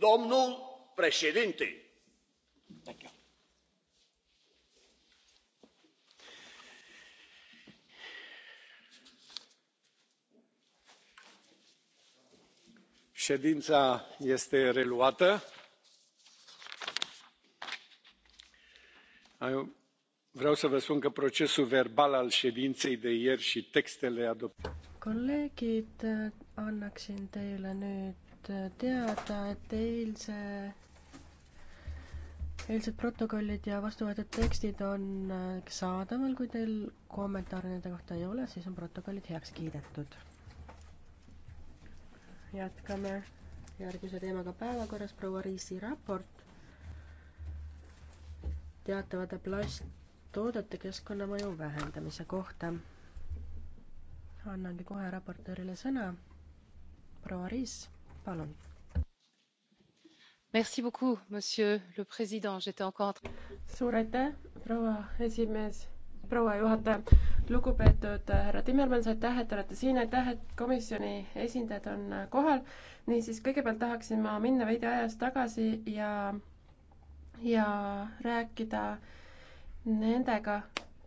domnul președinte ședința este reluată. vreau să vă spun că procesul verbal al ședinței de ieri și textele adoptate. kolleegid annaksin teile nüüd saanud teada, et eilse, eilsed protokollid ja vastuvõetud tekstid on äh, saadaval, kui teil kommentaare nende kohta ei ole, siis on protokollid heaks kiidetud. jätkame järgmise teemaga päevakorras, proua Riisi raport teatavate plasttoodete keskkonnamõju vähendamise kohta. annangi kohe raportöörile sõna proua Riis palun! suur aitäh, proua esimees, proua juhataja! lugupeetud härra Timmermans, aitäh, et te olete siin, aitäh, et komisjoni esindajad on kohal. niisiis, kõigepealt tahaksin ma minna veidi ajas tagasi ja, ja rääkida nendega,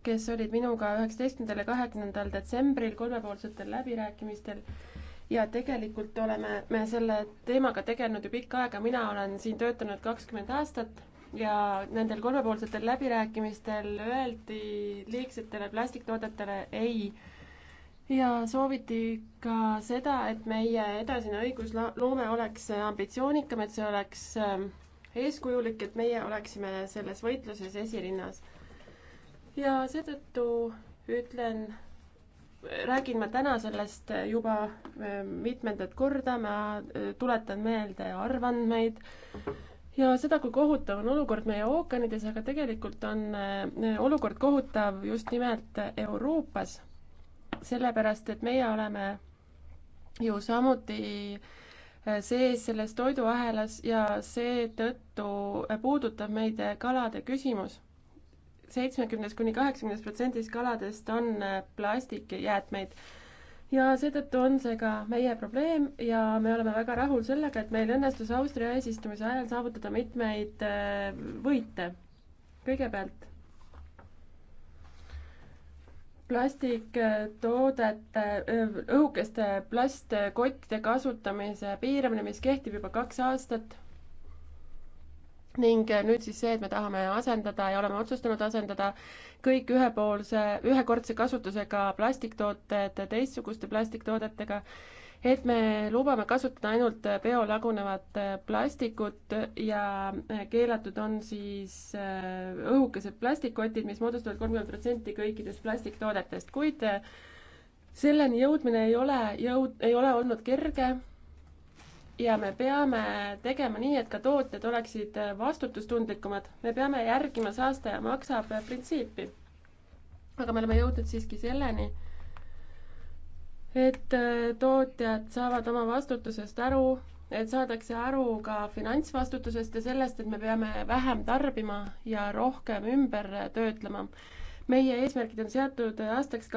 kes olid minuga üheksateistkümnendal ja kahekümnendal detsembril kolmepoolsetel läbirääkimistel ja tegelikult oleme me selle teemaga tegelenud ju pikka aega, mina olen siin töötanud kakskümmend aastat ja nendel kolmepoolsetel läbirääkimistel öeldi liigsetele plastiktoodetele ei ja sooviti ka seda, et meie edasine õigusloome oleks ambitsioonikam, et see oleks ähm, eeskujulik, et meie oleksime selles võitluses esirinnas. ja seetõttu ütlen räägin ma täna sellest juba äh, mitmendat korda, ma äh, tuletan meelde arvandmeid ja seda, kui kohutav on olukord meie ookeanides, aga tegelikult on äh, olukord kohutav just nimelt Euroopas, sellepärast et meie oleme ju samuti sees selles toiduahelas ja seetõttu puudutab meid kalade küsimus seitsmekümnes kuni kaheksakümnes protsendis kaladest on äh, plastikjäätmeid ja seetõttu on see ka meie probleem ja me oleme väga rahul sellega, et meil õnnestus Austria eesistumise ajal saavutada mitmeid äh, võite. kõigepealt plastiktoodete, äh, õhukeste plastkottide kasutamise piiramine, mis kehtib juba kaks aastat ning nüüd siis see, et me tahame asendada ja oleme otsustanud asendada kõik ühepoolse, ühekordse kasutusega plastiktooted teistsuguste plastiktoodetega, et me lubame kasutada ainult biolagunevat plastikut ja keelatud on siis äh, õhukesed plastikkotid, mis moodustavad kolmkümmend protsenti kõikidest plastiktoodetest, kuid äh, selleni jõudmine ei ole jõud, ei ole olnud kerge ja me peame tegema nii, et ka tootjad oleksid vastutustundlikumad. me peame järgima saastaja maksab printsiipi. aga me oleme jõudnud siiski selleni, et tootjad saavad oma vastutusest aru, et saadakse aru ka finantsvastutusest ja sellest, et me peame vähem tarbima ja rohkem ümber töötlema. meie eesmärgid on seatud aastaks kaks